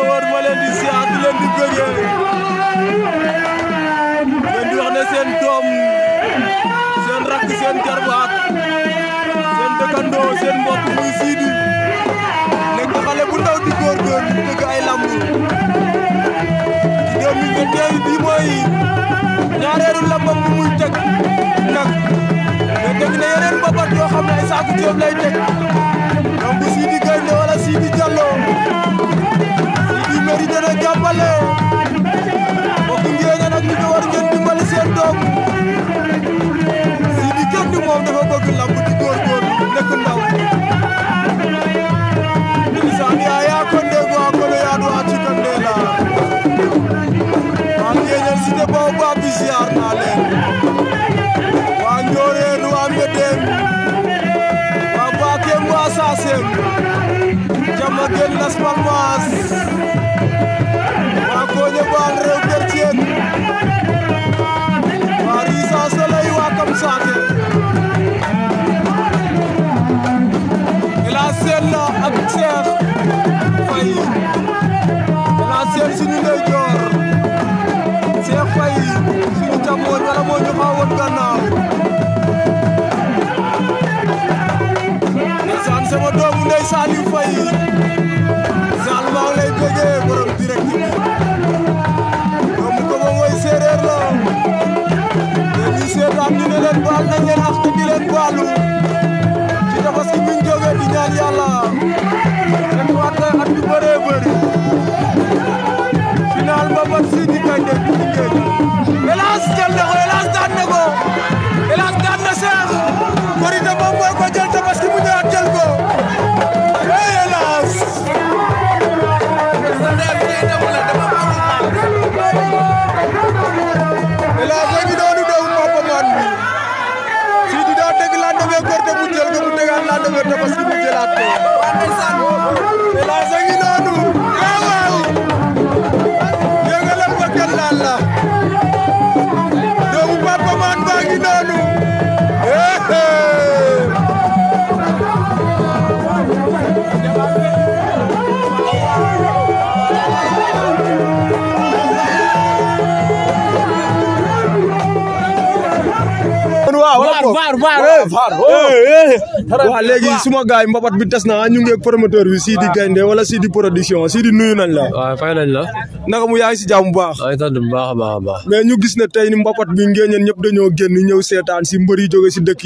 ko wër ma leen di siyaar di leen di bëggee leen di wax seen doom seen rakk seen jarbaat seen dëkkandoo seen mbokk muy Sidy nekk xale bu ndaw di góorgóorlu di dëgg ay lamb ci 2021 bi mooy ñaareelu lambam muy teg nag mais teg na yeneen mbapat yoo xam ne ay ceeb lay teg. Sylla ak Cheikh Faye danaa seet suñu ndeyjoor Cheikh Faye suñu càmmooñ wala moo ñu xaw waaw VAR VAR VAR waaw léegi suma gaay mbabat bi tas na ñu ngi ak promoteur bi Sidi Gaynde wala Sidi production Sidi nuyu nañ la waaw fay nañ la naka mu si jàmm bu baax ay tan bu baax baax baax mais ñu gis ne tey ni mbabat bi ngeen si mbër yi jóge si dëkk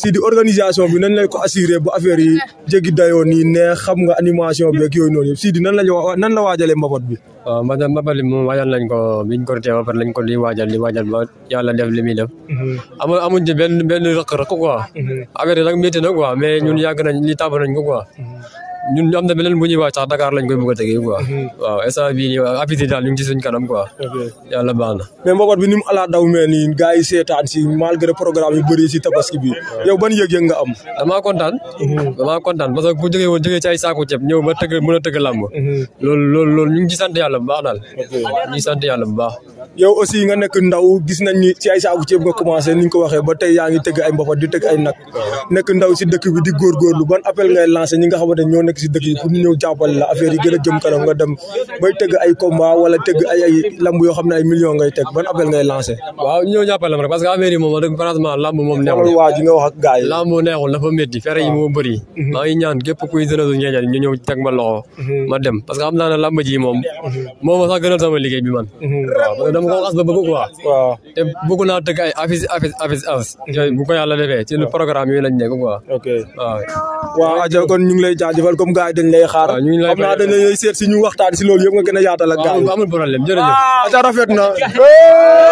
si di organisation bi nañ lay ko assurer ba affaire yi jéggi dayoo nii neex xam nga animation bi ak yooyu noonu yëpp waaw euh, maanaam mbabal moom waajal nañ ko biñ ko rotee ba pare lañ ko di waajal di waajal ba yàlla def li muy def. Mhm. amul amuñ ci benn benn rëq-rëq quoi. Mhm. nag métti na quoi ñun yàgg nañ li tàmm ko quoi. Mhm. ñun mhm. ya, am na benen bu ñuy wax sax Dakar lañ koy bëgg tege quoi waaw instant bi ni appétit daal ñu ngi ci suñ kanam quoi yàlla baax na mais mbapat bi ni mu ala daw mel nii gars yi seetaan si malgré programme yu bëri si tabaski bi yow ban yëg-yëg nga am dama kontaan dama kontaan parce que bu jógee woon jógee ci ay saako ceeb ñëw ba tëgg mën a tëgg làmb loolu loolu loolu ñu ngi ci sant yàlla bu baax daal ñu ngi sant yàlla bu baax yow aussi nga nekk ndaw gis nañ ni ci ay saako ceeb nga commencé ni ko waxee ba tey yaa ngi tëgg ay mbapat di tëgg ay nag nekk ndaw si dëkk bi di góorgóorlu ban appel ngay lancé ñi nga xamante ñoo nekk nekk si dëkk yi pour ñu ñëw jàppale la affaire gën a jëm kanam nga bay tëgg ay combat wala tëgg ay lamb yoo xam ne ay millions ngay teg ban appel ngay lancé waaw ñëw jàppale rek parce que affaire yi moom wax dëgg franchement lamb moom mhm. ñaan képp ñëw teg ma loxo mhm. ma dem parce que xam naa ne lamb ji moom mhm. moom sax gënal sama liggéey bi man dama ko xas ba bëgg quoi waaw te bëgg naa tëgg ay affiche affiche affiche affiche bu ko yàlla defee ci programme yooyu lañ nekk quoi waaw waaw aja kon comme gars yi dañ lay xaar xam naa dañ lay seet si ñu waxtaan si loolu yëpp nga gën a yaatal ak gars yi amul rafet na